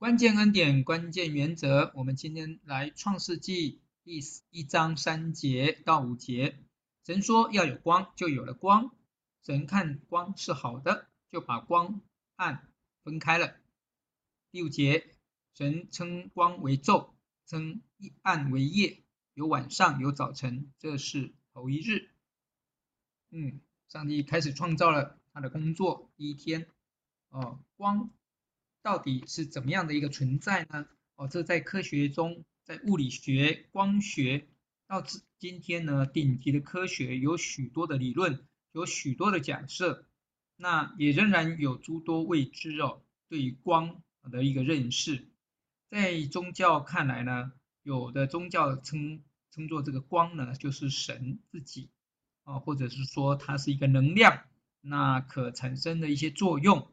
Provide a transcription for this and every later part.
關鍵恩典，關鍵原則。我們今天來創世紀第一章三節到五節。神說要有光，就有了光。神看光是好的，就把光暗分開了。第五節，神稱光為晝，稱暗為夜，有晚上，有早晨，這是頭一日。嗯，上帝開始創造了他的工作，第一天。哦，光。到底是怎麼樣的一個存在呢？哦，這在科學中，在物理學、光學，到至今天呢，頂級的科學有許多的理論，有許多的假設，那也仍然有諸多未知哦。對於光的一個認識，在宗教看來呢，有的宗教稱稱作這個光呢，就是神自己，啊、哦，或者是說它是一個能量，那可產生的一些作用。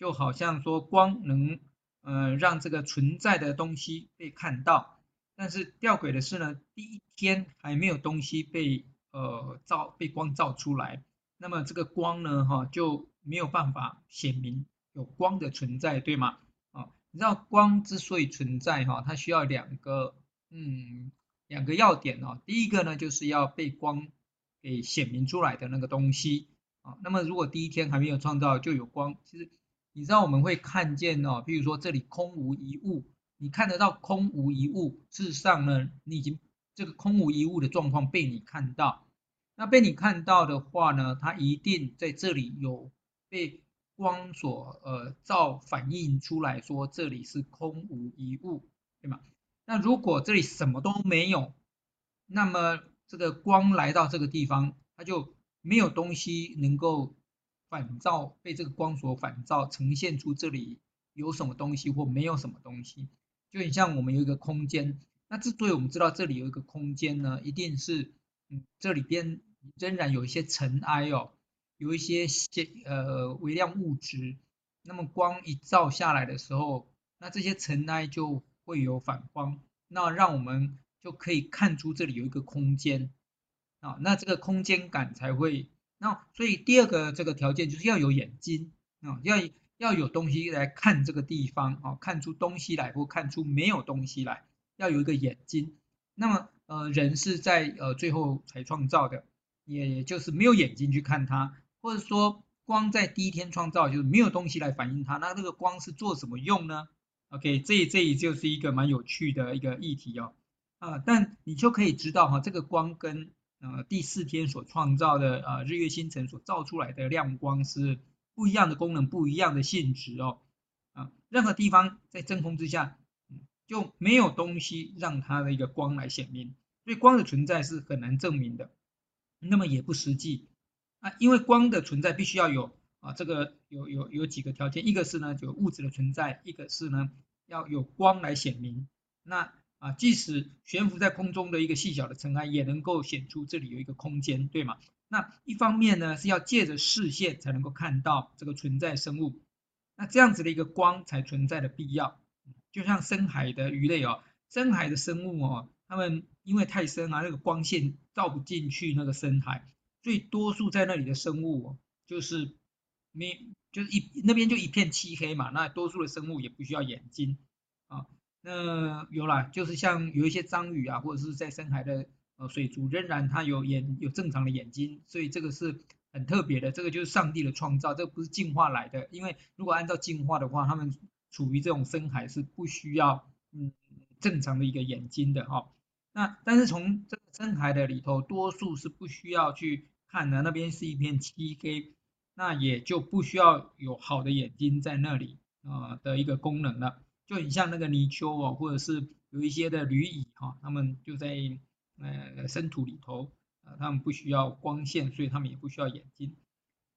就好像說光能、呃，讓這個存在的東西被看到，但是弔詭的是呢，第一天還沒有東西被呃照被光照出來，那麼這個光呢哈就沒有辦法顯明有光的存在，對嗎？啊，你知道光之所以存在哈、啊，它需要兩個嗯兩個要點哦、啊，第一個呢就是要被光給顯明出來的那個東西啊，那麼如果第一天還沒有創造就有光，其實。你知道我們會看見哦，譬如說這裡空無一物，你看得到空無一物，事實上呢，你已經這個空無一物的狀況被你看到，那被你看到的話呢，它一定在這裡有被光所呃照反映出來說這裡是空無一物，對嗎？那如果這裡什麼都沒有，那麼這個光來到這個地方，它就沒有東西能夠。反照，被這個光所反照，呈現出這裡有什麼東西或沒有什麼東西，就很像我們有一個空間，那之所以我們知道這裡有一個空間呢，一定是這裡邊仍然有一些塵埃哦，有一些些呃微量物質，那麼光一照下來的時候，那這些塵埃就會有反光，那讓我們就可以看出這裡有一個空間，啊，那這個空間感才會。那、no, 所以第二個這個條件就是要有眼睛啊，要要有東西來看這個地方啊，看出東西來或看出沒有東西來，要有一個眼睛。那麼呃人是在呃最後才創造的，也就是沒有眼睛去看它，或者說光在第一天創造就是沒有東西來反映它，那這個光是做什麼用呢？OK，這這就是一個蠻有趣的一個議題哦啊，但你就可以知道哈，這個光跟。呃，第四天所創造的啊、呃，日月星辰所造出來的亮光是不一樣的功能，不一樣的性質哦。啊，任何地方在真空之下，嗯、就沒有東西讓它的一個光來顯明，所以光的存在是很難證明的，那麼也不實際啊。因為光的存在必須要有啊，這個有有有幾個條件，一個是呢，有，就是，物質的存在，一個是呢要有光來顯明。那啊，即使懸浮在空中的一個細小的塵埃，也能夠顯出這裡有一個空間，對嗎？那一方面呢，是要借着視線才能夠看到這個存在生物，那這樣子的一個光才存在的必要。就像深海的魚類哦，深海的生物哦，他們因為太深啊，那個光線照不進去那個深海，所以多數在那裡的生物哦，就是沒，就是一那邊就一片漆黑嘛，那多數的生物也不需要眼睛啊。那有啦，就是像有一些章魚啊，或者是在深海的呃水族，仍然它有眼有正常的眼睛，所以這個是很特別的，這個就是上帝的創造，這個不是進化來的。因為如果按照進化的話，它們處於這種深海是不需要嗯正常的一個眼睛的哈、哦。那但是從這個深海的裡頭，多數是不需要去看的、啊，那邊是一片漆黑，那也就不需要有好的眼睛在那裡啊、呃、的一個功能了。就很像那個泥鰍哦，或者是有一些的螻蟻哈、哦，他們就在呃深土裡頭，呃他們不需要光線，所以他們也不需要眼睛。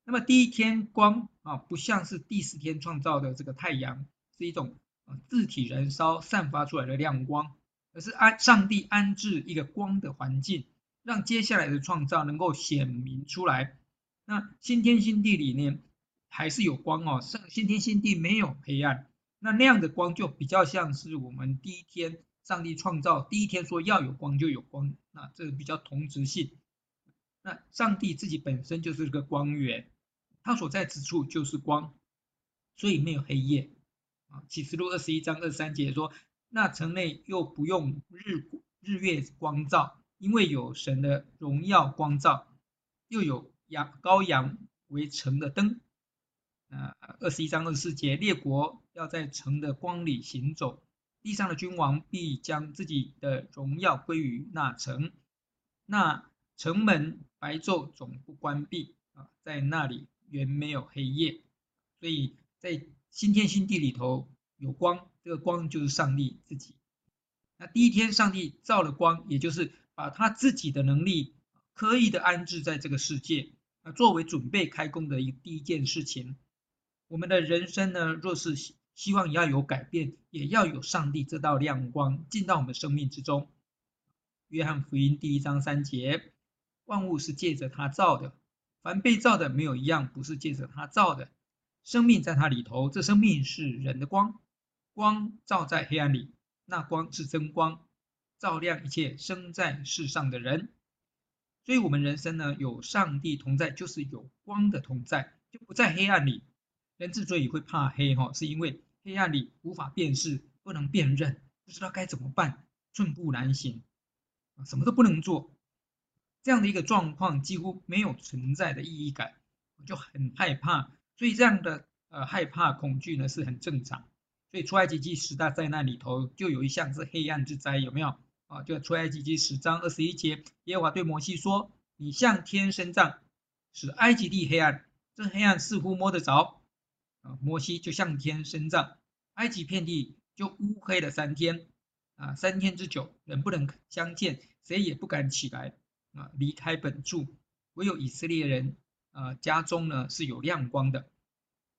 那麼第一天光啊、哦，不像是第四天創造的這個太陽，是一種、呃、自體燃燒散發出來的亮光，而是安上帝安置一個光的環境，讓接下來的創造能夠顯明出來。那新天新地裡面還是有光哦，上新天新地沒有黑暗。那那樣的光就比較像是我們第一天上帝創造第一天說要有光就有光，那這個比較同質性。那上帝自己本身就是一個光源，他所在之處就是光，所以沒有黑夜。啊，啟示錄二十一章二十三節說，那城內又不用日日月光照，因為有神的榮耀光照，又有陽，羔羊為城的燈。啊，二十一章二十四節，列國。要在城的光裡行走，地上的君王必將自己的榮耀歸於那城。那城門白晝總不關閉啊，在那裡原沒有黑夜。所以在新天新地裡頭有光，這個光就是上帝自己。那第一天上帝造了光，也就是把他自己的能力刻意的安置在這個世界啊，作為準備開工的一第一件事情。我們的人生呢，若是。希望也要有改變，也要有上帝這道亮光進到我們生命之中。約翰福音第一章三節，萬物是借着他造的，凡被造的沒有一樣不是借着他造的。生命在他裡頭，這生命是人的光，光照在黑暗裡，那光是真光，照亮一切生在世上的人。所以我們人生呢，有上帝同在，就是有光的同在，就不在黑暗裡。人之所以會怕黑，哈，是因為。黑暗裡無法辨識，不能辨認，不知道該怎麼辦，寸步難行，什麼都不能做，這樣的一個狀況幾乎沒有存在的意義感，我就很害怕，所以這樣的呃害怕恐懼呢是很正常，所以出埃及記十大災難裡頭就有一項是黑暗之災，有沒有？啊，就出埃及記十章二十一節，耶和華對摩西說：你向天伸杖，使埃及地黑暗，這黑暗似乎摸得着。啊，摩西就向天伸杖，埃及遍地就烏黑了三天，啊，三天之久，人不能相見，誰也不敢起來啊，離開本處，唯有以色列人啊，家中呢是有亮光的，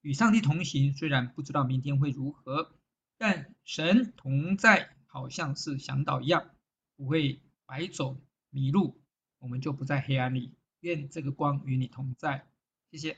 與上帝同行，雖然不知道明天會如何，但神同在，好像是嚮導一樣，不會白走迷路，我們就不在黑暗裡，願這個光與你同在，謝謝。